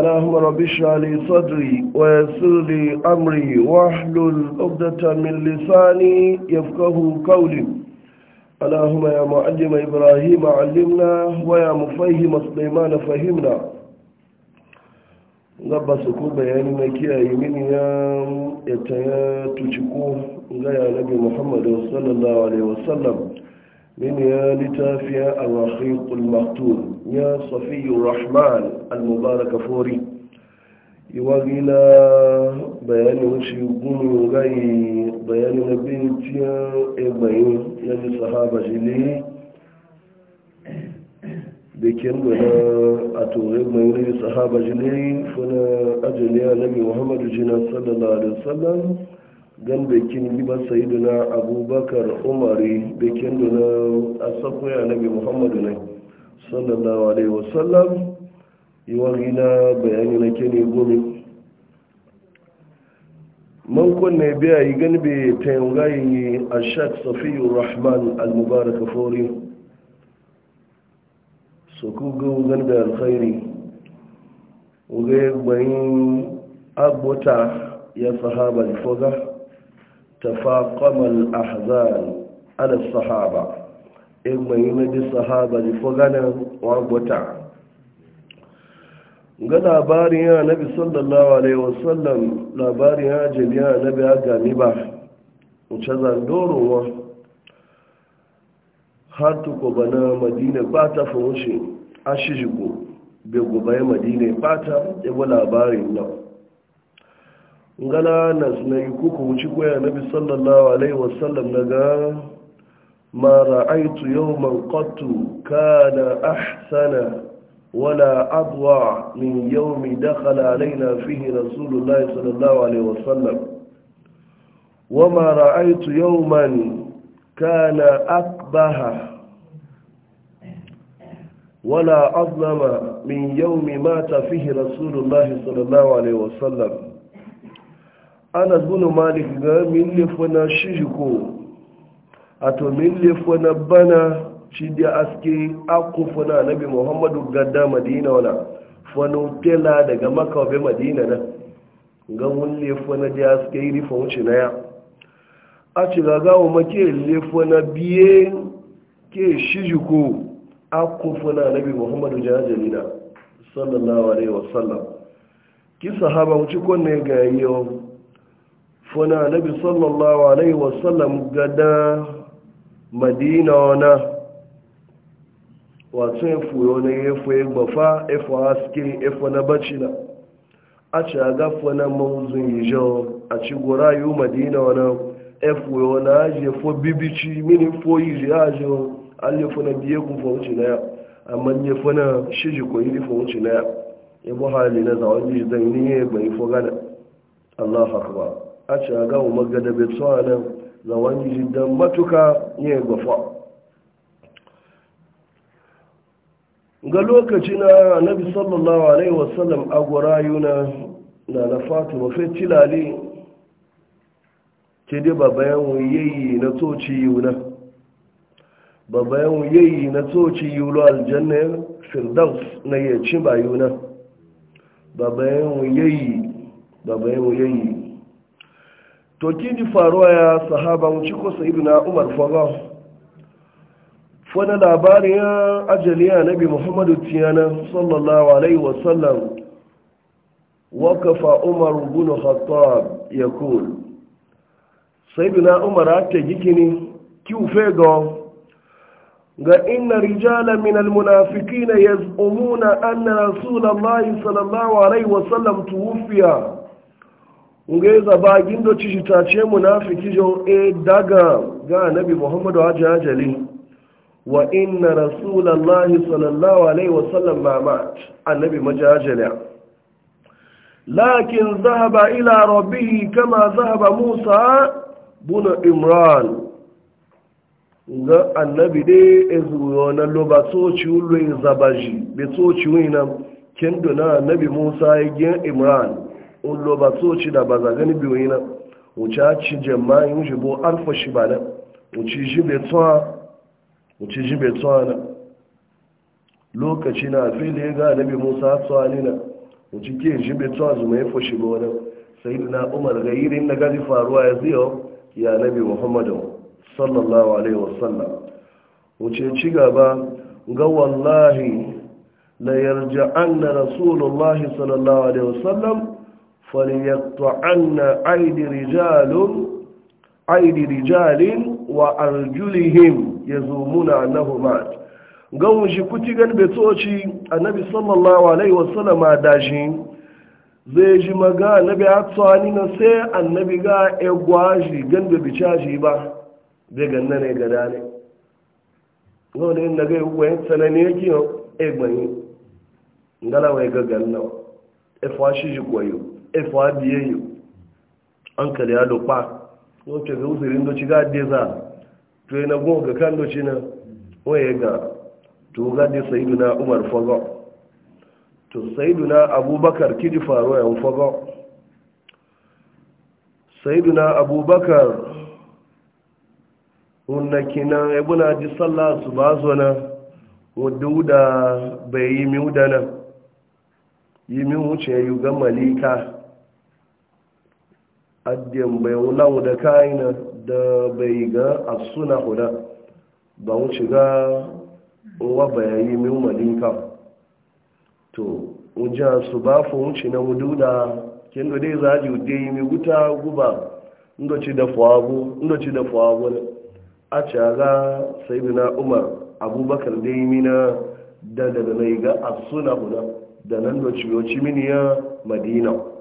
اللهم رب اشرح لي صدري ويسر لي امري واحلل عقده من لساني يفقهوا قولي اللهم يا معلم ابراهيم علمنا ويا مفهم سليمان فهمنا ngaba su ku bayani mai kiyaye mini ya ya ta tuci ko ga ya nabi muhammadu sallallahu alaihi wasallam من يا لتافيا الرخيط المختوم يا صفي الرحمن المبارك فوري يوغينا بيان وشي يقول غاي بيان نبيتيا إبعين نبي صحابة جلي بكن بنا أتوغي بين نبي صحابة جلي فنا أجل يا نبي محمد جنا صلى الله عليه وسلم gan bekin gibar sayiduna abubakar umari bekin duna a sakwai nabi muhammadu ne sallallahu alaihi wasallam wani na bayani na kene gumi. man kunne biya yi yi bai tayungayi a shak safiyu rahman al-mubarak fori su kugu gan da alkhairi uge gbayin abota ya sahaba foga تفاقم الأحزان على الصحابة إما يمد الصحابة لفغانا وعبوتا ga labarin ya nabi sallallahu alaihi wasallam labarin ya jeli ya nabi ya gami ba wuce zandorowa har tuko bana madina ba ta fahimci a shijigo bai gobaye ba ta labarin nan ngana na ikuku wuci ya nabi sallallahu alaihi wasallam daga ma ra'aitu yawman qattu kana ahsana wala adwa min yawmi dakhala alaina fihi rasulullahi sallallahu alaihi wasallam wama ra'aitu yawman kana akbaha wala azlama min yawmi mata fihi rasulullah sallallahu alaihi wasallam ana zunu malik ga min lefuna shijiko a to min lefuna bana shi da aske akufuna nabi muhammadu gadda madina wana fanotela daga makawabe madina na ga mun lefuna da aske yi rifa wuce na ya a ci gagawa make lefuna biye ke shijiko akufuna nabi muhammadu jajalina sallallahu alaihi wasallam ki sahaba wuce kone ga yau funa nabi sallallahu alaihi wasallam gada madina wana wato ya fuyo na ya fuye gbafa efo haske efo na bacina a ci aga funa mauzun yijo a ci gora yi madina wana efuyo na aje fo bibici mini fo yiri ajo alle funa biye kun fo wuce na ya amma ne funa shiji ko yiri fo wuce na ya yabo hali na zawon yi zan ni ya bai fo gana allah akbar a ci a gawo magada bai tsawa nan zawon wani don matuka yin gafa ga lokaci na nabi sallallahu alaihi wasallam a yuna na na fatima mafi tilali ke dai babayan wuyayi na toci na babayan wuyayi na toci yulo aljanna firdaus na yacin bayuna babayan wuyayi babayan wuyayi to kiji faruwa ya sahaba mu ci kosa ibina umar Fa fana labarin ya na nabi muhammadu tiyana sallallahu alaihi wasallam wakafa umar bin khattab ya kul sayyidina umar ake gikini kiufe ga ga inna rijala min almunafiqina yaz'umuna anna rasulullahi sallallahu alaihi wasallam tuwfiya ngai zaba gindo ci shi ta ce munafiki jo e daga ga annabi muhammadu hajji hajjali wa inna rasulallahi sallallahu alaihi wasallam ma mat annabi majajala lakin zahaba ila rabbihi kama zahaba musa buna imran ga annabi dai ezuyo na so soci ulo zabaji be soci wina kendo na annabi musa ya e imran ullo ba so ci da ba zagani biyoyi na wuce ci yi wuce bo alfa shi ba na wuce ji bai tsawa na lokaci na fili ya ga nabi musa tsawa ne na wuce ke ji bai tsawa zuma ya fashi ba wani sai na umar ga irin na gani faruwa ya ziyo ya nabi muhammadu sallallahu alaihi wasallam wuce ci gaba ga wallahi la yarja'anna rasulullahi sallallahu alaihi wasallam فليقطعن أيدي رجال أيدي رجال وأرجلهم يزومون أنه مات kuti gan betoci annabi sallallahu alaihi wasallam a dashi zai ji maga annabi a tsani na sai annabi ga egwa shi gan da bica shi ba zai ganna ne gada ne gawun yin tsanani yake egbanyi ngala ya ga ganna efa shi koyo efuwa biyayyo an kare ya lokpa wacce ga usirin doci ga deza to na goma ga kan doci na waye ga to ga Saidu na umar fago to Saidu na abubakar kiji faro yan Saidu na abubakar unna kinan ebuna ji sallah su ba zo wadda wuda bai yi miudana yi min wuce yi ga malika adiyan bai wulawu da kayina da bai ga a suna huda ba mu shiga wa bayayi min malinka to wujan su ba fi wuce na mududa kin da dai zaji dai mi guta guba ndo ci da fawabu ndo da a ci aga na umar abubakar dai mina da daga mai ga a suna huda da nan da ci mini ya madina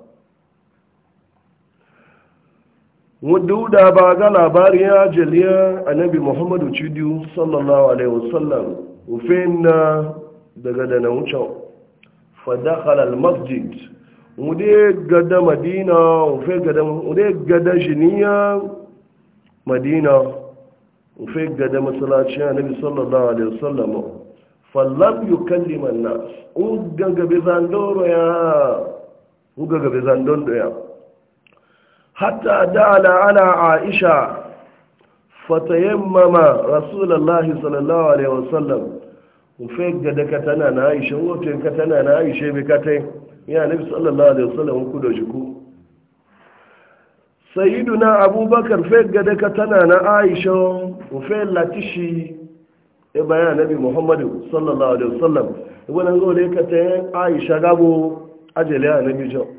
wadda da ba ga labarin ya jaliya annabi muhammadu cidiyu sallallahu alaihi wasallam ufin na daga da na wucin fadakal al-masjid wadda gada madina ufin gada jiniya madina ufin gada masalacin annabi sallallahu alaihi wasallam fallam yi kalliman nas ugaga bezandoro ya ugaga bezandoro ya hatta dala ala aisha fatayammama rasulullahi sallallahu alaihi wasallam ufe gada katana na aisha wato katana na aisha bi katai ya nabi sallallahu alaihi wasallam ku da shi ku sayyiduna abubakar fe gada katana na aisha ufe latishi e bayan nabi muhammadu sallallahu alaihi wasallam wannan gole katai aisha gabo ajali ya nabi sallallahu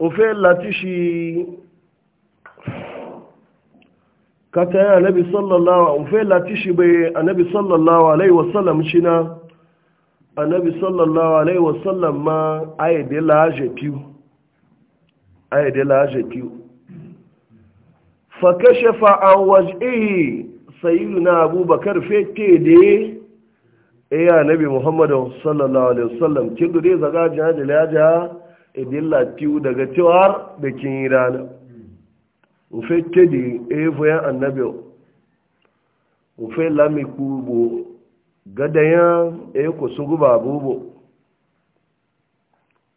ofe latishi kata ya anabi sallallahu ofe latishi bai anabi sallallahu alaihi wasallam shina anabi sallallahu alaihi wasallam ma ayyade laje piu ayyade laje piu fakashafa an waj'ihi sayyiduna abubakar fete de ya anabi muhammadu sallallahu alaihi wasallam kin dure zaga jaja jaja edin lafiyu daga cewar da kin yi rana ufe kedi evo eh, ya annabi ufe lami kubo gadayan eko eh, sugu bubo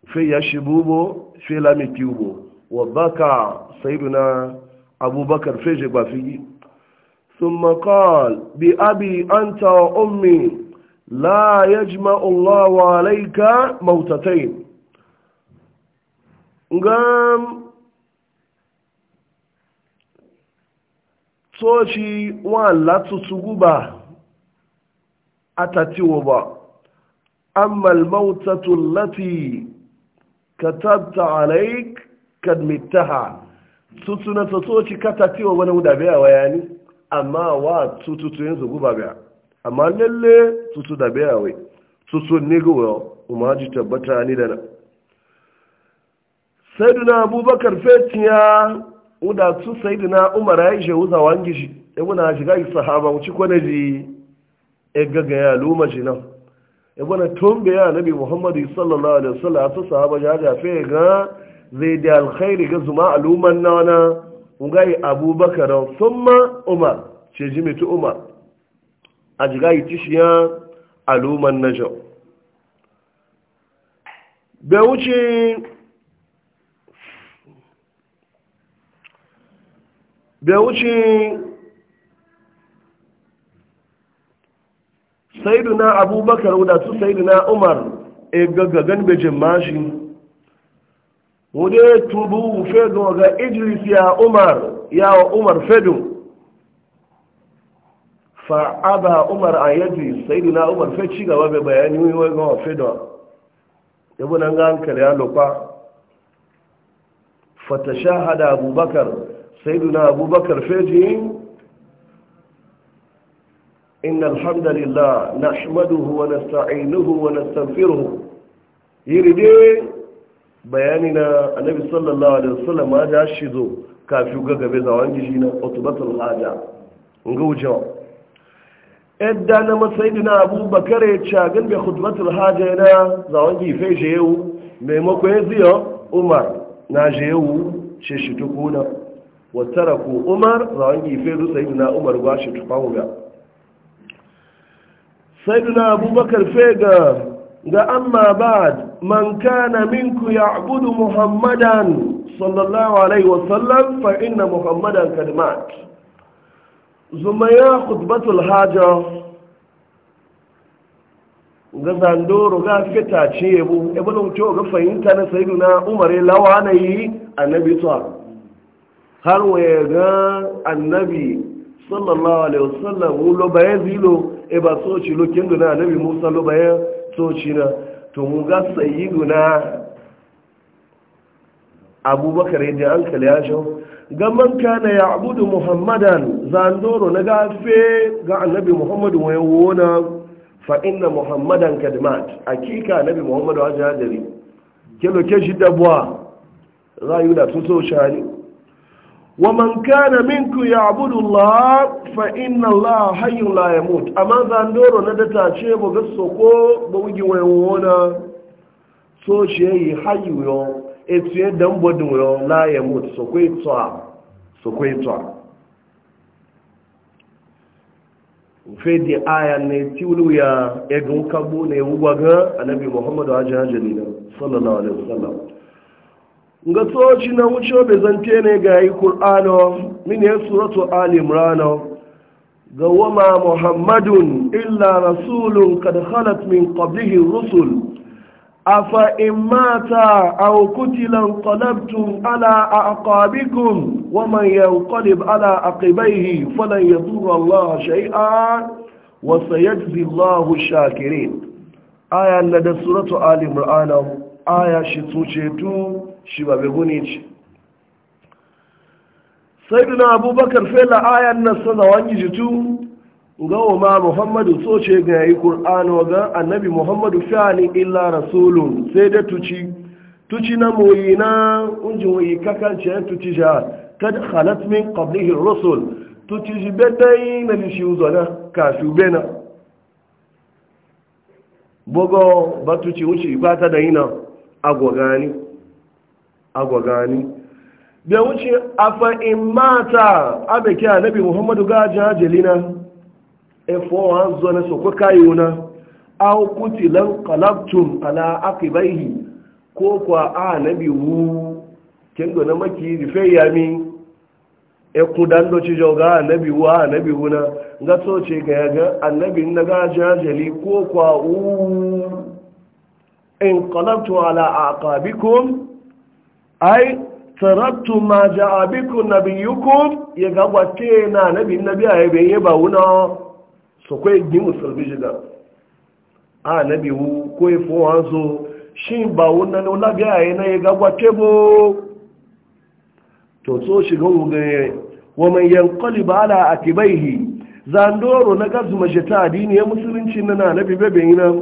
ufe ya bubo fe lami kubo wa baka sayyiduna abubakar fe je ba figi ثم قال بأبي أنت وأمي لا يجمع الله عليك موتتين ngam tsoci wa latutu guba a tatiwo ba amma almautatu lati katabta alaik kadmittaha tutu na tsoci ka tatiwo wani wuda biya wayani amma wa tututu yanzu guba biya amma lalle tutu da biya wai tutu ne gowa umarji tabbata ni da na sayyidina abubakar fetiya uda tu sayyidina umar ya ishe wuza wangi shi ebu na shiga yi sahaba wuci kwane ji e gaga ya luma shi nan ebu na tumbe ya nabi muhammadu sallallahu alaihi wasallam ta sahaba ja ja fe ga zai da alkhairi ga zuma aluman nana yi abubakar summa umar ce ji mitu umar a jiga yi tishiya aluman najo bai wuce bai wuce saiduna abubakar wadatu saiduna umar e gaggagan bejin mashi wude tubu fedo ga idris ya umar ya umar fedo fa'aba umar a yadda saiduna umar fe ci gaba bai bayani yi wai gawa ga hankali ya lupa fatashahada abubakar سيدنا أبو بكر فيجي إن الحمد لله نحمده ونستعينه ونستغفره يريد بياننا النبي صلى الله عليه وسلم هذا الشيء كافي غبي زوان جينا قطبة الحاجة نقول إذا لما سيدنا أبو بكر يتشاقن بخطبة الحاجة هنا زوانجي جي فيجيو ميمو كويزيو عمر ناجيو شيشتكونا watara ku, umar rawangi fedu sayidina umar ba shi tufahu Sai sayidina abubakar fega ga amma ba man kana minku ya'budu muhammadan sallallahu alaihi wasallam fa inna muhammadan kad mat zumaya khutbatul haja ga zandoro ga fita ce yabo ebo ga fahimta na sayidina umar lawa na yi annabi tsara har waya ga annabi sallallahu alaihi wasallam lo baye zilo e ba so ci lo kendo na annabi musa lo baye so ci na to mu ga sayyiduna abubakar yadda an kale ya shawo ga man kana ya abudu muhammadan zandoro na gafe ga annabi muhammad waya wona fa inna muhammadan kadmat akika annabi muhammadu hajjadari kelo ke shi dabwa rayu da tuso shani ومن كان منكم يعبد الله فإن الله حي لا يموت أما ذاندور ندتا شيبو غسوكو بوجي ويونا so شيء حي يو etiye dan bodin yo la ya mut so ko itwa so ko itwa fe di ga tsoci na wuce bai zante ne ga yi ƙur'ano min ya suratu alimrano ga wama muhammadun illa rasulun kad khalat min qablihi rusul afa in mata aw kutilan qalabtum ala aqabikum wa man yanqalib ala aqibaihi falan yadurra Allah shay'an wa sayajzi allah shakirin aya na da suratu alimrano aya shi tsoce tu shi ba bai guni sai duna abubakar fela ayan nan sana wani jitu ga umar muhammadu so ce ga yi ƙur'anu ga annabi muhammadu fiyani illa rasulun sai da tuci tuci na moyi na unjin wayi kakance ya tuci ja kad halat min qablihi rasul tuci ji bedai na lishi uzona kasu bena bogo batuci wuce ba ta da na agwagani agwa gani bai wuce afa in mata abeke anabi muhammadu gajin ajalina efo an zo na wuna. kayuna aw lan qalabtum ala aqibaihi ko kwa annabi wu kendo na maki rife yami e kudan do ci joga annabi wa annabi wuna ga so ce ga ga annabi na gajin ajali ko kwa in qalabtu ala aqabikum ai tarattu ma ja'a bikum nabiyukum ya gabate na nabi nabi a yabe ya ba wuna so kai gi musulmi jiga a nabi wu ko e fo anzo shin ba wuna na wula biya na ya gabate bu to so shiga wuga wa yankali ba ala a hi? zandoro na gazu ta adini ya musulunci na nabi bebe yana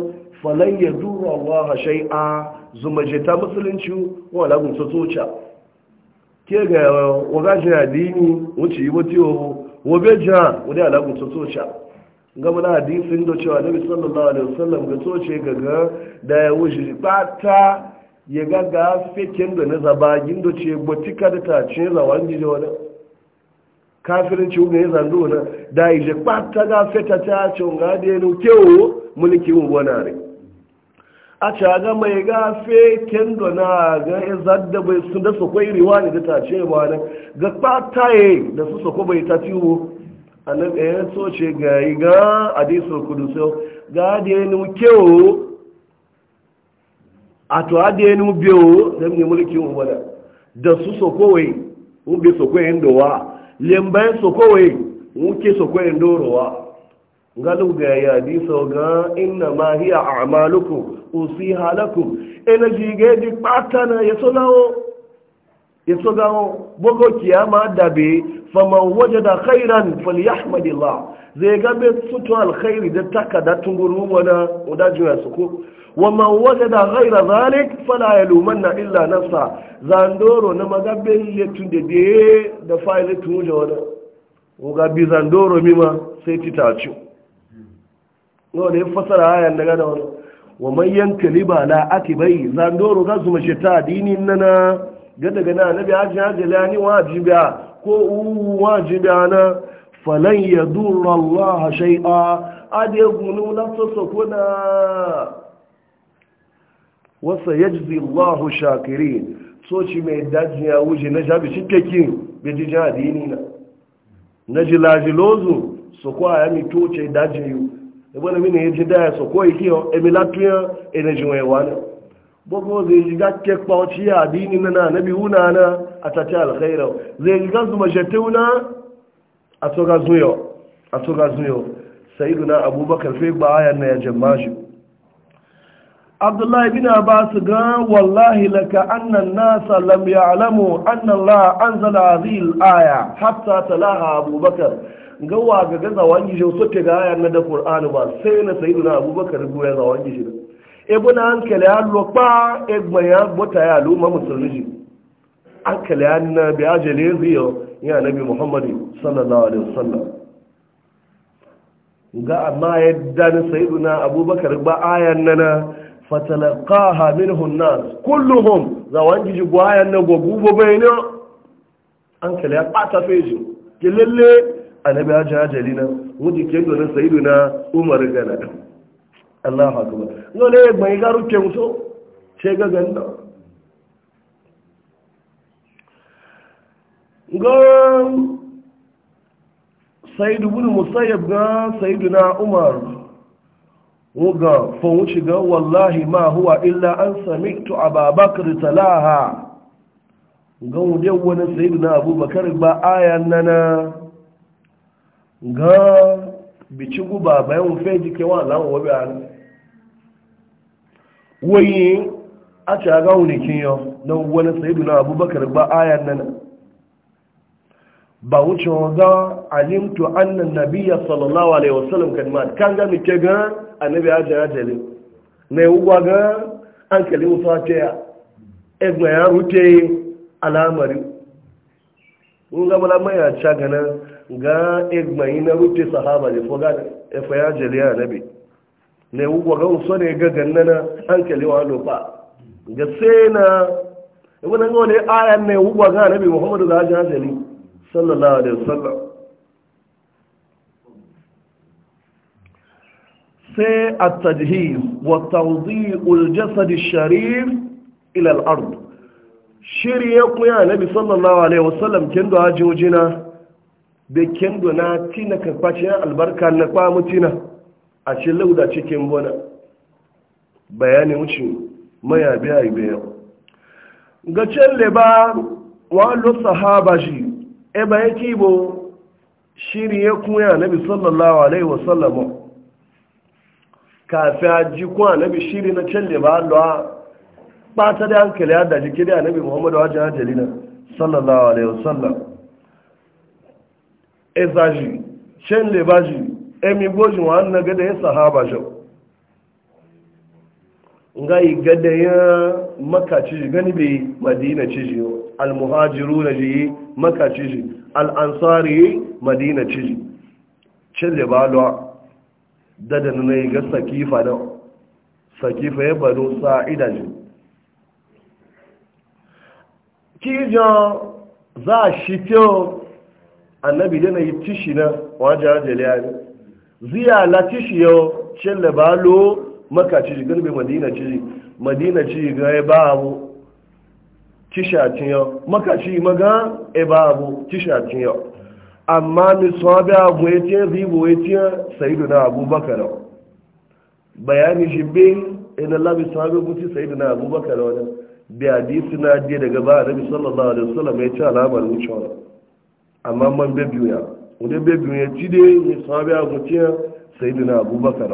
falan yadurra Allah shai'a zumajeta musulunci wa lagun su tsoca ke ga wagajin dini wuce yi wata yau wabe jiha wadda alagun su tsoca gama na hadisin da cewa nabi sallallahu alaihi wasallam ga tsoce gaga da ya wuce bata ya gaga fekin da na zabagin da ce gbatika da ta ce zawan da wani kafirin ci wuga ya zando na da ya je ta ga feta ta ce wunga da ya nuke wo mulki wani rai a caga mai gafe kendo na ga zadda bai sun da sakwai riwa ne da tace ba nan ga kpataye da su sako bai ta tiwo a nan ɗayan soce ga yi ga adisul kudusau ga adiyanu kewo a to adiyanu biyo da mai mulkin ubana da su sakowai ubi sakwai dowa lembayin sakowai wuke sakwai dorowa galu ga yadi sau ga inna ma hiya a amalukum usi halakum energy ga di patana ya so lawo ya so gawo bogo kiyama dabe faman wajada khairan falyahmadillah zai ga be alkhairi da takada tunguru wana udaji ya suku waman zane, ghaira ya fala na illa nafsa zandoro na magabe letun da de da fa'ile tunje wana uga bi zandoro mima sai titachu no da fasara ayan daga da wani wa man na la bai zandoro za su mace ta dini nana ga daga na nabi ajiye hajji lani wajibiya ko uwu wajibiya na falon ya dura Allah shai'a ya gunu na sosa kuna wasa ya jizi Allah shakiri ci mai daji ya wuce na shafi cikakin bejijin dini na na jilajilozu su kwaya ya mito ce daji yiwu ebona mine ye jida ya soko ikiyo emilatuya enejiwe wana bogo zai jiga kekpa oci ya adini nana nabi una na atati alkhaira zai jiga zuma jete una atoga abubakar ya jamashi abdullahi bin abbas ga wallahi laka anna an aya hatta a abubakar gawa ga ga zawan gishi so ke ga ayar na da qur'ani ba sai na sayi na abubakar goya zawan gishi da ebo na hankali ya lokpa egbe ya bota ya luma musulmi hankali ya na bi ajali ziyo ya nabi muhammadu sallallahu alaihi wasallam ga amma yadda na sayi na abubakar ba ayar na na fatalaqaha minhum nas kulluhum zawan gishi goya na gogubo an hankali ya pata fejo ke lalle annabi ya jajali na wujin kendo na sayidu na umar gana Allah hakuba ne ya gbani garu kyanso ce ga ganda Gan Saidu bin musayyab ga Saidu na umar ga fawuci ga wallahi ma huwa illa an sami'tu ababakar talaha ga wujen wani Saidu na abubakar ba ayan nana ga bici guba bayan wufe jike wa lan wabe an wayi a ci a gawo nikin yau na wani sayidu na abubakar ba ayan nana ba wuce ga alimtu annan nabiya sallallahu alaihi wasallam kan ma kan ga mi gan ga annabi ya jira na yi ga an kali musa ce ya egbe ya rute alamari mun ga mala mai ya ganin ga egbayi na rufe sahaba da foga efe ya jeliya nabi ne wuwa ga wuso ne ga gannana hankali wa lofa ga sai na ibi na gole ayan ne wuwa ga nabi muhammadu ga ajiyar jeli sallallahu alaihi wasallam sai a tajhiz wa tawdi'ul jasad sharif ila al-ard shirye ku ya nabi sallallahu alaihi wasallam kin da ajojina kendo na tina karfacin albarka na tina a ce lauda cikin bona bayani wuce maya biya yi bayan gacin leba wa'allu sahaba shi e bayan kibo shiri ya kuya nabi sallallahu alaihi wasallamu kafin a ji kuwa nabi shiri na can leba ba ta da hankali ya daji kiri a nabi muhammadu wajen hajjalina sallallahu alaihi wasallam ezaji le baji emi bojin wa na gada ya sahaba jau ngai gada ya maka ciji gani bai madina ciji almuhajiru na ji maka ciji al'ansari madina ciji shen lebalwa dada na yi ga sakifa na sakifa ya bado sa'ida ji kijan za shi kyau annabi dana yi tishi na wajen hajjali ya ne ziya la tishi yau cin da ba lo maka ciji garbe madina ciji madina ciji ga ya ba abu tishatin yau maka ciji maga ya ba abu tishatin yau amma mi sabi abu ya tiyan zibo ya tiyan sayidu na abubakar bayani shi bin ina labi sabi buti saidu na abubakar wani bi hadisi na daga ba annabi sallallahu alaihi wasallam ya ci alamar wucewa amma man be biya wanda be biya ci de ni sahabi a gutiya sayyidina abubakar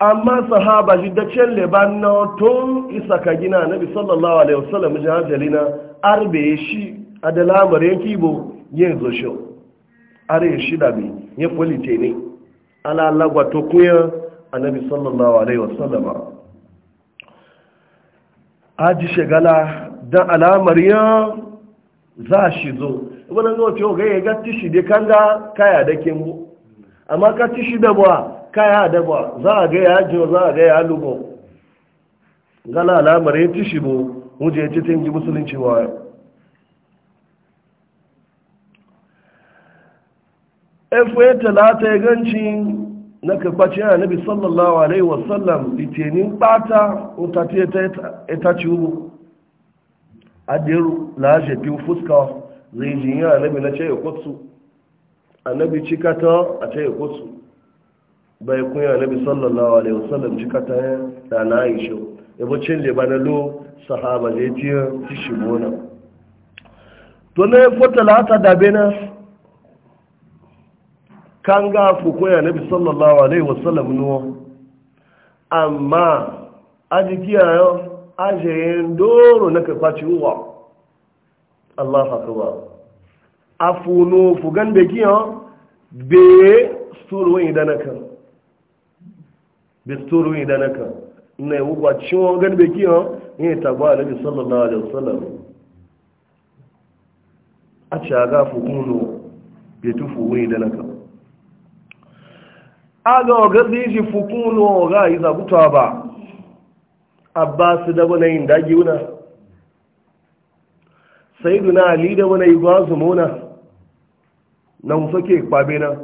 amma sahaba shi da cin leban na tun isa ka gina nabi sallallahu alaihi wasallam jahalina arbe shi a da lamarin kibo yin zosho are shi da bi ya folite ne ala lagwa to kuya annabi sallallahu alaihi wasallam aji shigala dan alamar ya. za shi zo wani zo ce ga ya gatti shi dai kan da kaya da kimbo amma ka tishi da buwa kaya da buwa za a ga ya jo za a ga ya lugo gala alamar ya ci shi bo muje ya ci ji musulunci wa efu ya talata ya ganci na kafaci yana nabi sallallahu alaihi wasallam litinin bata utati ya ta ci ubu adiru lashe biyu fuska zai ji yin annabi na ceye kotsu annabi cikata a ceye kotsu bai kun yi annabi sallallahu alaihi wasallam cikata ya da na yi shi yabo cin leba na lo sahaba zai tiya ci shi gona to na ya fota lata da bena kan ga fukun annabi sallallahu alaihi wasallam nuwa amma a jikiya yau ajayen doro na karfaci uwa Allah haƙuwa a funo fugan da giyan be sturuwan idanaka be sturuwan idanaka na yi wuwa ciwon gan da giyan ne a lafi sallallahu alaihi wasallam a ci aga fukuno be tufu wani a ga ogazi ji fukuno ga yi zaguta ba abbasu da wani yin dagi wuna saiduna ali da wani igwa zumuna nan ke kwabe na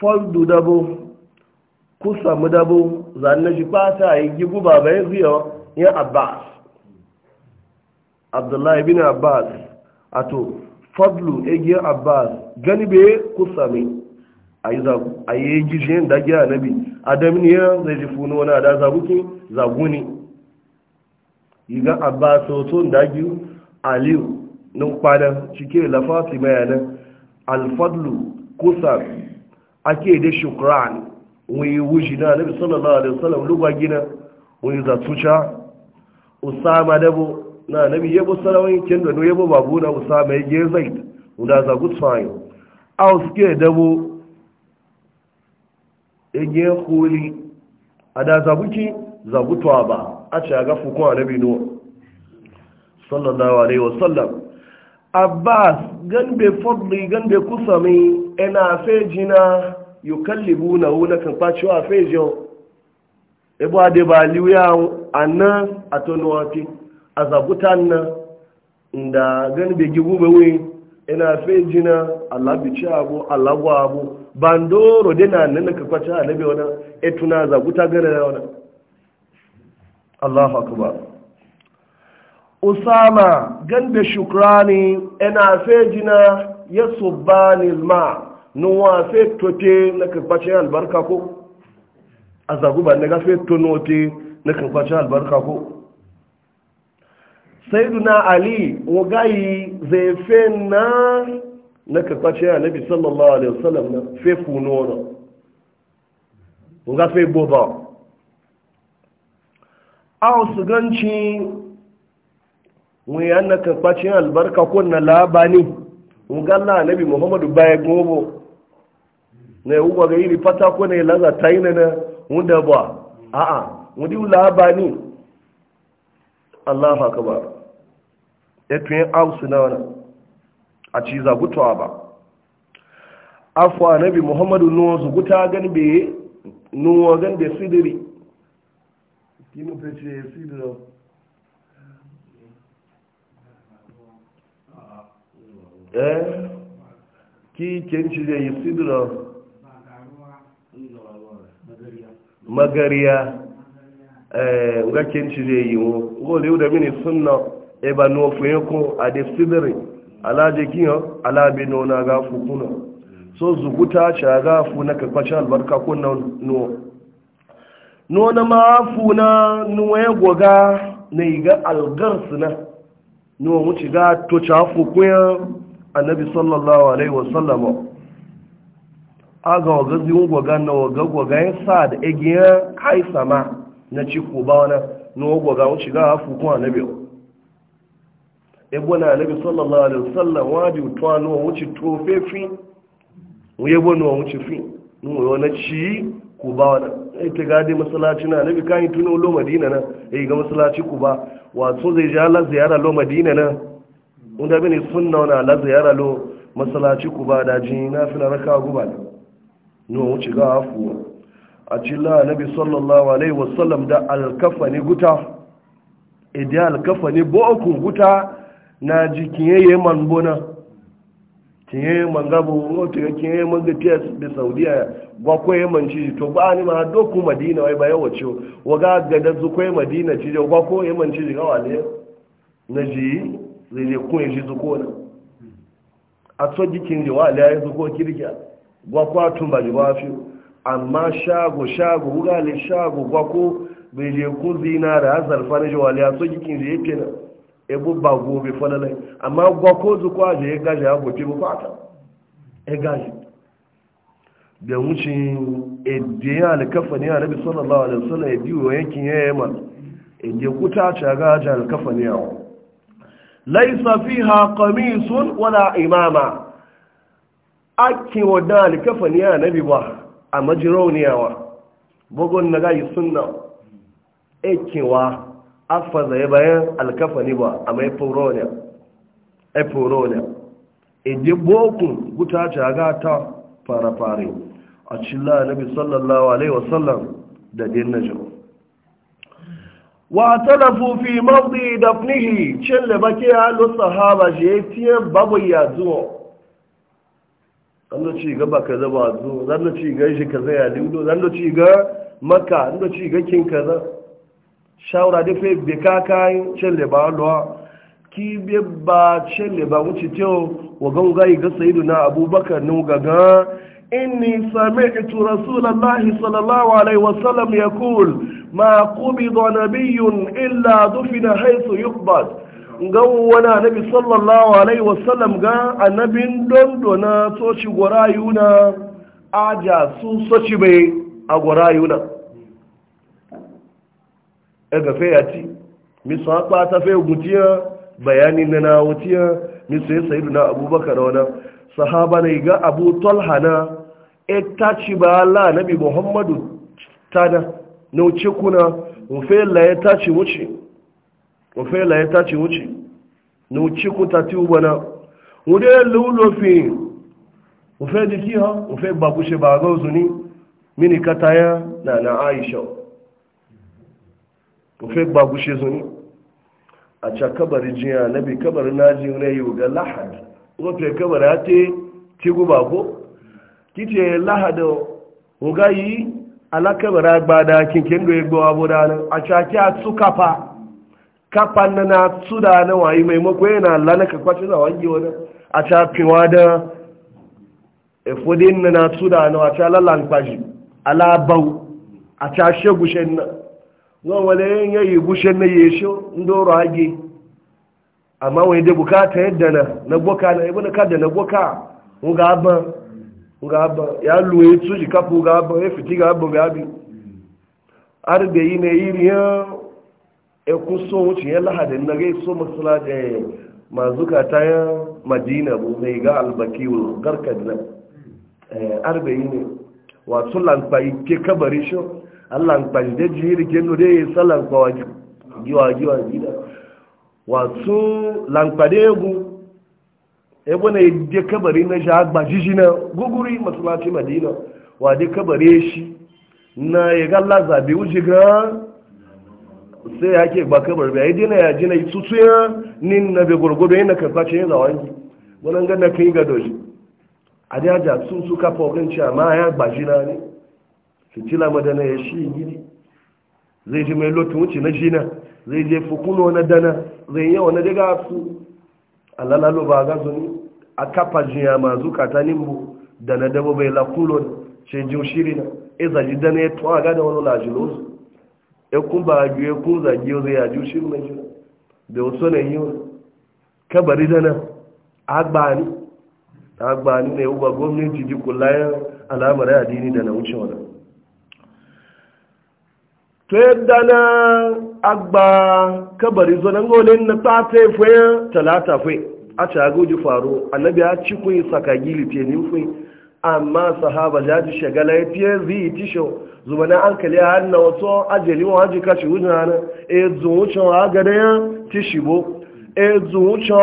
fardu dabo kusa mu dabo zanen shi fata yi gigu bayan zuwa yin abbas abdullahi bin abbas a to fadlu egiyar abbas gani bai kusa mai a yi gijiyar dagiya bi adam ne zai ji wani na da zagu ne iga abba soton dagiyu aliyu nun kwanan cike lafati bayanan alfadlu kusa ake da shukran wani wuji na nabi sallallahu alaihi wasallam lugwa gina wani zatuca usama dabo na nabi yabo sarawai kendo no yabo babu na usama ya ge zai da za ku tsayi aus ke dabo ya ge khuli ada zabuki zabutuwa ba a ce ga fukun annabi nuwa sallallahu alaihi wasallam abbas gan be fadli gan be kusami ina fejina na wuna kan kwaci wa fejo ebo ade ba liya anna atonwati azabutan na nda gan be gibu be we ina fejina alabici abu alabu abu bandoro dena nan ka na be wana etuna azabuta gana wana Allahu akbar Usama ganbe shukrani ina fejina ya subani ma nuwa fe tote na karbace albarka ko a ne na gafe tonote na karbace albarka ko sayyiduna ali wagayi zai fe na na karbace annabi sallallahu alaihi wasallam na fe funo na gafe boba aw su ganci mu yi kan kwacin albarka ko na labani mu galla annabi muhammadu baya gobo ne uwa ga iri fata ko ne laza taina na wanda ba a'a mu di labani Allahu akbar etun aw su na wannan a ci zagutuwa ba afwa anabi muhammadu nuwa zuguta gan be nuwa gan be sidiri yíò pẹ̀tù ẹ̀ sí lọ ẹ́ kí kẹ́ntì rẹ̀ yìí sí lọ magariya ẹ̀ ga kẹ́ntì rẹ̀ yìí wọ́n wọ́n lè wúdà mí sunna ẹ̀bà a ọ̀fẹ́ a kún àdé sídìrì alájẹ́kíyàn alábẹ́ náà ga fukuna so zukuta ṣàgáfu na kakpashin albarka kuna na nuna mafu na nuwa ya gwaga na iga algarsu na nuwa wuce ga to cafu kuya annabi sallallahu alaihi wasallam aga waga ziyun gwaga na waga gwaga ya sa da egiya kai sama na ciko ba wani nuwa gwaga wuce ga hafu kuma annabi ebo na annabi sallallahu alaihi wasallam waji tuwa nuwa wuce tofefi mu yabo nuwa wuce fi nuwa wani ci ku ba wani ita gade masallaci na nabi kan tuno lo madina na yi eh, ga masallaci ku ba wato zai ja la ziyara lo madina na unda bane sunna wana la ziyara lo masallaci ku ba da ji na na raka guba ne no wuce ga afu a cilla nabi sallallahu alaihi wasallam da alkafani guta idan e, alkafani bo ku guta na jikin yayin manbona tinye mangabu ngoto ya kinye manga tiya da saudiya gwa kwaye manci to ba ni ma doku madina wai ba yawa ciwo waga gada zu kwaye madina ci da gwa kwaye manci ga wale na ji zai je kun shi zuko na a to jikin ji wale ya zuko kirkiya gwa kwa tun ba ji ba fi amma shago shago le shago gwa ko bai je kun zinara zarfa na ji wale a to jikin ji yake na ebu ba gobe falalai amma gwa ko zuku aje ya gaji ya gobe bukata ya gaji da wuce ede ya alkafa ne a rabi sallallahu alaihi wasallam e ya biyu yankin ya ma ede kuta a ga aje alkafa ne yawa laisa fiha sun wala imama ake wadda alkafa ne a ba a majirauniyawa bugun na gaji sunna ekewa afaza ya bayan alkafa ne ba a mai furoniya a inda bokun guta ta gata fara fari a cilla nabi sallallahu alaihi wasallam da din na jiro wa talafu fi mawdi dafnihi cin da baki halin sahaba je fiye babu ya zuwa zanda ci gaba ka zaba zuwa zan ci ga shi ka zai ya zanda zan ci ga maka zan ci ga kin kaza shawara da fe be kakayin cin leba lowa ki be ba cin leba wuce tewo wa gangayi ga sayidu na abubakar nun gaga inni sami'tu rasulallahi sallallahu alaihi wasallam yaqul ma qubida nabiyyun illa dufina haisu yuqbad gan wani annabi sallallahu alaihi wasallam ga annabin dondo na soci gora yuna aja su soci bai a gora yuna yà tí misu apá tafẹ́ ogun tí yán bayani nana wọ́n tí yán misu ya sayidu na abubakar wọn sahaba na iga abu tolha na e tachi ba ala anabi muhammadu tana na wuce kuna wufe la ya tachi wuce wufe la ya tachi wuce na wuce kuta ti ubana wude lulofin wufe jiki ha wufe bakushe ba gauzuni mini kataya na na aisha to fe ba gushe sun a ca kabari jiya na bi kabari na ji ne yi ga lahad ko kabarin kabari te ti ba ko kite lahad o ga yi ala kabari da kinkin do egbo abuda na a ca ki a su kafa kafa na na da na wayi maimako yana lanaka kwace za wange wani a ca fiwa da efodin na na da na a ca lalan kwashi ala bau a ca shegushen na zuwa wale ya yi gushen na yesho ndoro hage amma wani da bukata yadda na na boka na ibi na kada na boka nga aban nga ya luwe su ji kafu ga ya fiti ga aban ga abi arbe yi na yi ya ekun so wuce ya lahadin na gai so masala da eh, mazuka ta ya madina bu mai ga albaki garkad eh, na da yi ne wato lantsa ke kabari shi allah gbanje jiri kenu dai salar kwawaji giwa giwa gida wasu lankpade egwu ebe na ide kabari na agba agbajiji na guguri masalaci madina wa de kabare shi na ya ga laza bi wuce ga sai ya ke ba kabar bai dai na ya ji na tutu ya nin na be gurgudu yana karfa ce yana wangi wannan ga na kai ga doji a da ja sun su kafa wakan ci amma ya gbaji na ne fitila madana ya shi gini zai ji mai lotin wuce na jina zai je fukuno na dana zai yawa na daga su alalalo ba ga zuni a kafa jiya ma zukata nimbu da na dabo bai lakulon ce jin shiri na e zaji dana ya tuwa ga da wani lajilo su e kun ba a biyu kun zagi yau zai yaji shiri na jina da wasu na yi kabari dana agbani agbani ne uba gwamnati ji kula alamar adini da na wuce wani to yadda na agba kabari na golin na tate fwe talata fwe a cago ji faru annabi ya ci kun saka gili te ni fwe amma sahaba ya ji shagala ya fiye zai ti sho zuba na an kale har na wato ajali wa haji ka shi wujina na e zuwucin a gada ya ti shibo e zuwucin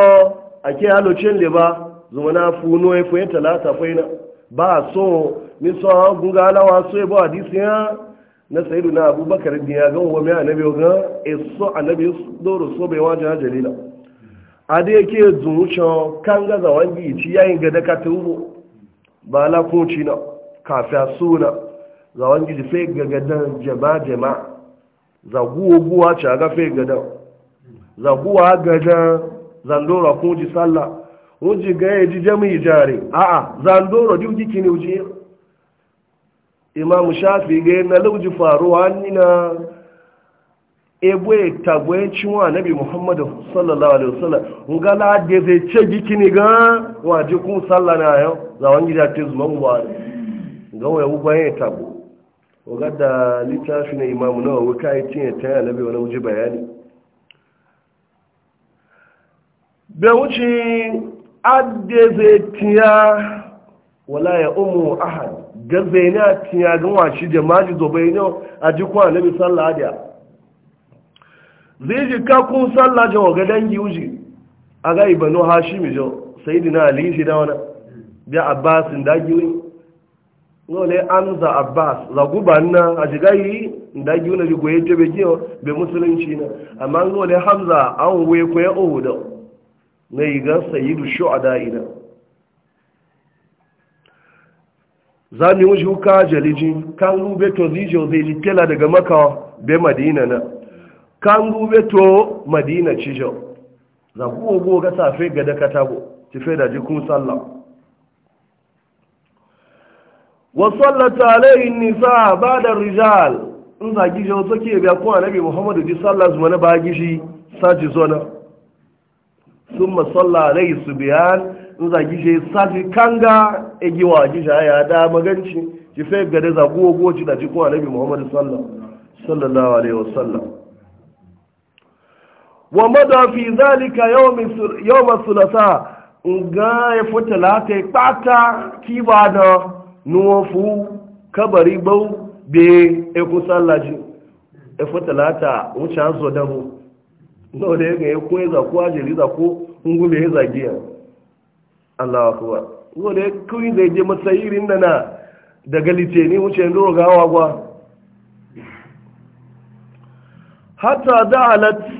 a ke halocin ba zuba na funo ya fwe talata fwe na ba so mi so gunga alawa so ya ba hadisi ya na sayidu na abubakar din ya gan wame anabi ga eso anabi doro so bai waje ha jalila ade da yake zuwucin kan gaza wangi ci yayin ga daga ta wuro ba lakunci na kafin suna za wangi ji fai ga gadan jama jama za guwa guwa ci a ga fai gadan za guwa gadan zandora ko ji sallah wuji ga ya ji jami'i jare a'a zandora duk jiki ne imam shafi ga na lauji faruwa nina egbe tagbe cinwa nabi muhammadu sallallahu alaihi wasallam ngala de z'e ce gikini ga waje kun sallah na yau za wani gida te zuma mu ba ga waya u bayan tagbo ga da littafi na imamu nawa wuka yi cinye ta yana nabi wani wuji bayani adde tiya wala ya umu ahad gaza ne a tiya gan washi jama'i zobe ne a ji kuwa nabi sallah da zai ji ka kun sallah jawa ga dangi wuce a ga ibanu hashimi jau sai dina ali shi da wani biya abbasin dagi wani nole an za abbas laguban na a jigayi da gi wani goye jebe gi be musulunci na amma nole hamza an wuye kwaye ohudu na yi gan sayidu shu'ada ina za mu yi wuce huka jaliji kan rube to zijo zai ji tela daga maka be madina na kan rube to madina cijo za ku ogo ga safe ga da ci fai da jikun sallah wa sallata alaihi nisa ba da rijal in za gijo ke biya ko nabi muhammadu bi sallah zuma na ba gishi saji zona summa salla alaihi biyan. in za gishe safi kanga egiwa gisha ya da maganci ji fe gade za gogo ci da jikon annabi muhammad sallallahu alaihi wasallam wa mada fi zalika yawm thulatha nga ya futa lata kpata kiba da nufu kabari bau be eku sallaji ya e futa lata wuce an zo da mu da ya ga ya kuwa ya zaku ajiyar ya zaku hungume ya zagiya Allah kuwa ne kawai zai je matsayirin da na daga litini wuce yanzu gawa gwa hatta da'alat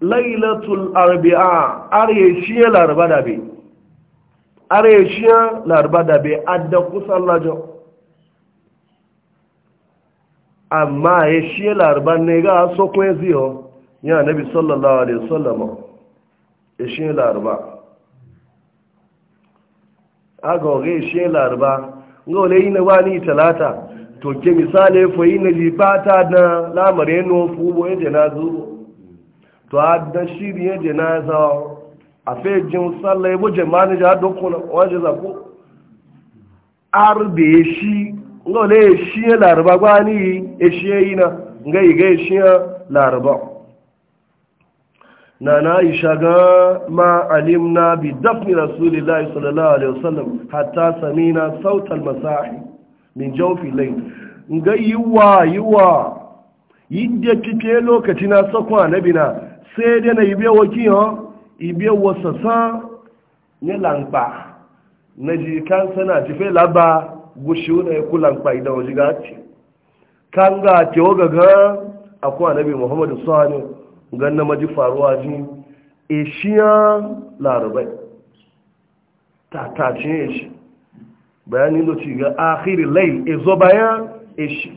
lailatul arbi'a areshiyar laraba da be areshiyar laraba da be adda kusan lajo amma ya shi laraba ne ga so kwen ziyo ya nabi sallallahu alaihi wasallam ya shi laraba aga oge she laraba nga ole yi na wani talata to ke misali fo yi na jibata na lamar yin ofu ugbo eje na zubo to a da shiri ya na zawo a fejin sallah ya buje mani ja dokuna wajen zako arbe shi nga ole shi ya larba gwani yi shi ya yi na nga yi ga shi ya larba na na aisha ga ma alimna bi dafni rasulillahi sallallahu alaihi wasallam hatta samina sautal masahi min jawfi layl ga yiwa yiwa yidda kike lokaci na sakwa na bina sai dai na ibe waki ho ibe wasasa ne lanpa na ji kan sana ti fe laba gushu na ku lanpa idan wajiga ci kan ga te ogaga akwa nabi muhammadu sallallahu ganna maji faruwa ji eshiyan larabai tatacin eshi bayanin da ci ga ahiri lai ezo bayan eshi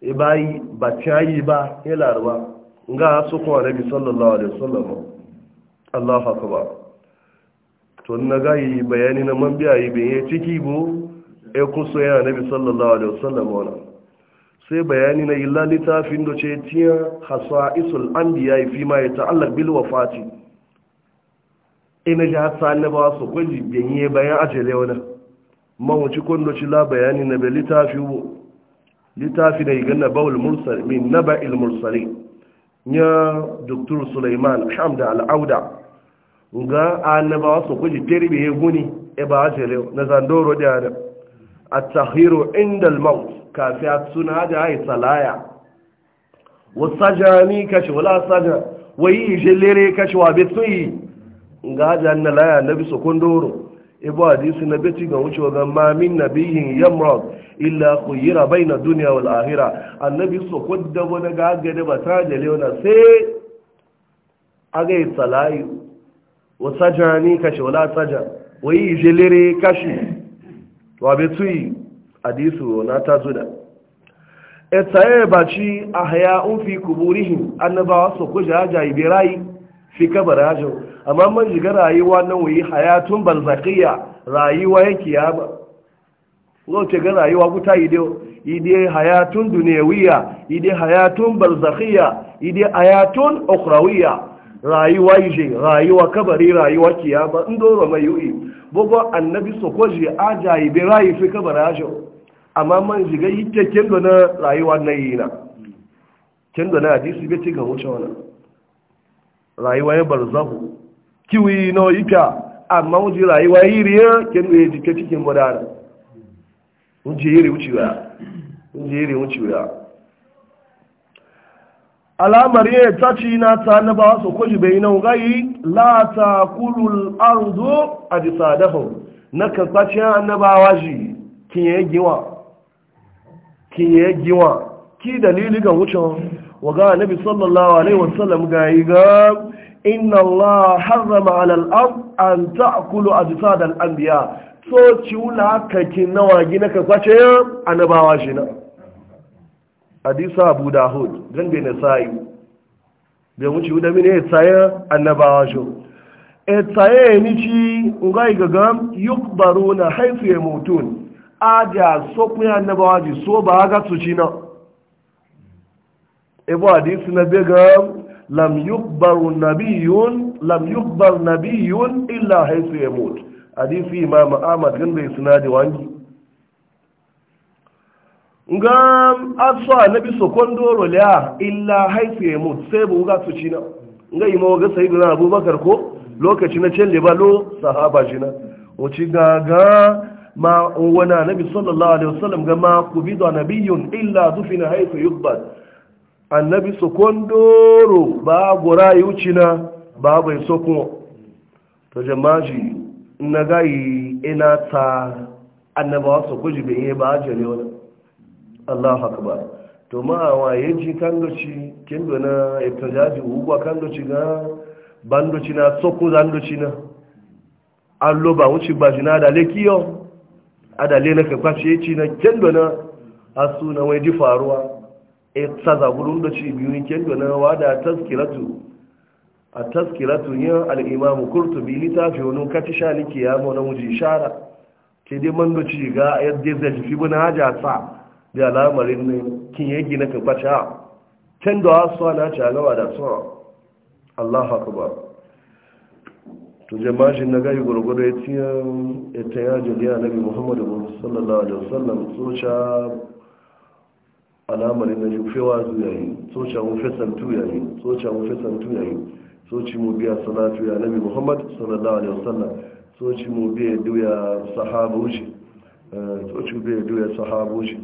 e bayi ba cayi ba ya laraba ga su kuma rabi sallallahu alaihi wasallam Allah haka ba to na gayi bayani na man biya yi bin ya ciki bo e kusa ya nabi sallallahu alaihi wasallam wannan sai bayani na illa littafin da ce tiyan hasa isul an biya fi ma ya ta'allar bil wafati ina ji hasa na ba su gwaji ganye bayan ajiyar wani mawuci kwando ci la bayani na bai littafi na igan na bawul mursali min na ba'il mursali ya Dr. suleiman hamda al'auda ga annabawa su gwaji terbe ya guni e ba ajiyar na zandoro da a tahiru inda al kafi a suna da hayi salaya wasa jami kashi wala saja wayi je lere kashi wa betsuyi ga haja na laya na biso kondoro ibu hadisi na beti ga wucewa ga mamin nabiyin yamrod illa khuyira baina duniya wal akhirah annabi so kodda wani ga gade ba ta da leona sai a aga yi salayi wasa jani kashi wala saja wayi je lere kashi wa betsuyi hadisu na ta zuda etsaye ba ci a haya un fi kuburihim annabawa su ku jaja ibe rayi fi kabar hajjo amma man shiga rayuwa nan wuyi hayatun barzakiya rayuwa ya kiyama zo ce ga rayuwa ku ta ide ide hayatun duniyawiya ide hayatun barzakiya ide hayatun ukrawiya rayuwa yije rayuwa kabari rayuwa kiyama in doro mai yi bugu annabi su ku jaja ibe fi kabar hajjo amma man shiga yake kendo na rayuwa na yi na kendo na hadisi bai ci ga wuce wani rayuwa ya bar zahu kiwi na yi ta amma wuce rayuwa yi riya kendo ya jike cikin gudana wuce yi ri wuce wuya wuce yi ri wuce wuya alamar ya ta ci na ta na ba su kwaji bai na gayi la ta kulul arzo a jisa dahon na kan kwaci annabawa shi kin yi giwa kin ya giwa ki dalili ga wucin ga nabi sallallahu alaihi wasallam ga yi ga inna Allah harrama ala al-ard an ta'kulu ajsad al-anbiya so ka ki nawa gina ka kwace anabawa shi na hadisa Abu dahud dan bai na sai da wuce da mini ya tsaye annabawa shi e tsaye ni ci ngai ga gam yukbaruna haifu ya mutun aja sokun annabawa ji so ba ga su ci na ibu hadisi na bega lam yukbaru nabiyun lam yukbar nabiyun illa haisu ya mutu hadisi imam ahmad gan bai suna da wangi nga aso annabi sokon doro liya illa haisu ya mutu sai bu ga su ci na nga ima ga sayyidina abubakar ko lokaci na cin libalo sahaba shi na wuci gaga ma wani annabi sallallahu alaihi wasallam ga ma kubidu annabiyun illa dufina haifu yubbad annabi sokon ba gora yucina ba bai sokon to jamaji na gayi ina ta annabawa su kuji bai yi ba ajiyar wani allah akbar to ma waye ji kan kendona kin dona ibtijaji ugwa kan ga bandoci na sokun zandoci na allo ba wuce ba jina da lekiyo adale na shi ya ci na kendo na asu na wai ji faruwa ya e, tsaza gudun da ci biyu kendo na wada taskiratu a taskiratu yin al'imamu kurtubi littafi wani kaci sha ni ke yamo na wuji shara ke dai man da ci ga yadda zai jifi bin haja sa da alamarin ne kin yi gina kakwace ha kendo suwa na ci a gaba da suwa allah akbar to jama'ashin na gari gwargwado ya tiyan ita ya jaliya nabi muhammadu sallallahu alaihi wasallam tsoca alamari na jufewa zuyayi tsoca mu fesantu yayi tsoca mu fesantu yayi tsoci mu biya salatu ya nabi muhammadu sallallahu alaihi wasallam tsoci mu biya duya sahabuci eh, tsoci mu biya duya sahabuci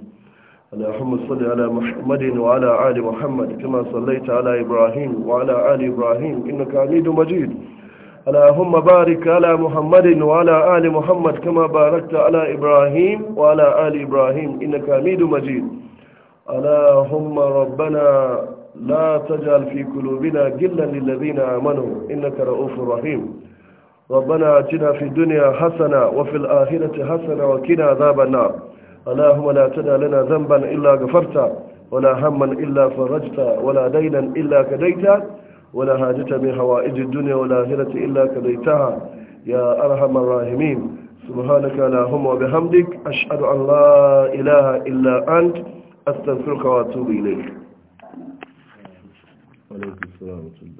اللهم صل على محمد وعلى ال محمد كما صليت على ابراهيم وعلى ال ابراهيم انك حميد مجيد اللهم بارك على محمد وعلى آل محمد كما باركت على إبراهيم وعلى آل إبراهيم إنك حميد مجيد اللهم ربنا لا تجعل في قلوبنا غلا للذين آمنوا إنك رؤوف رحيم ربنا اتنا في الدنيا حسنة وفي الآخرة حسنة وقنا عذاب النار اللهم لا تدع لنا ذنبا إلا غفرته ولا هما إلا فرجته ولا دينا إلا كديته ولا حاجة من حوائج الدنيا والآخرة إلا كديتها يا أرحم الراحمين سبحانك اللهم وبحمدك أشهد أن لا إله إلا أنت أستغفرك وأتوب إليك وعليكم السلام ورحمة الله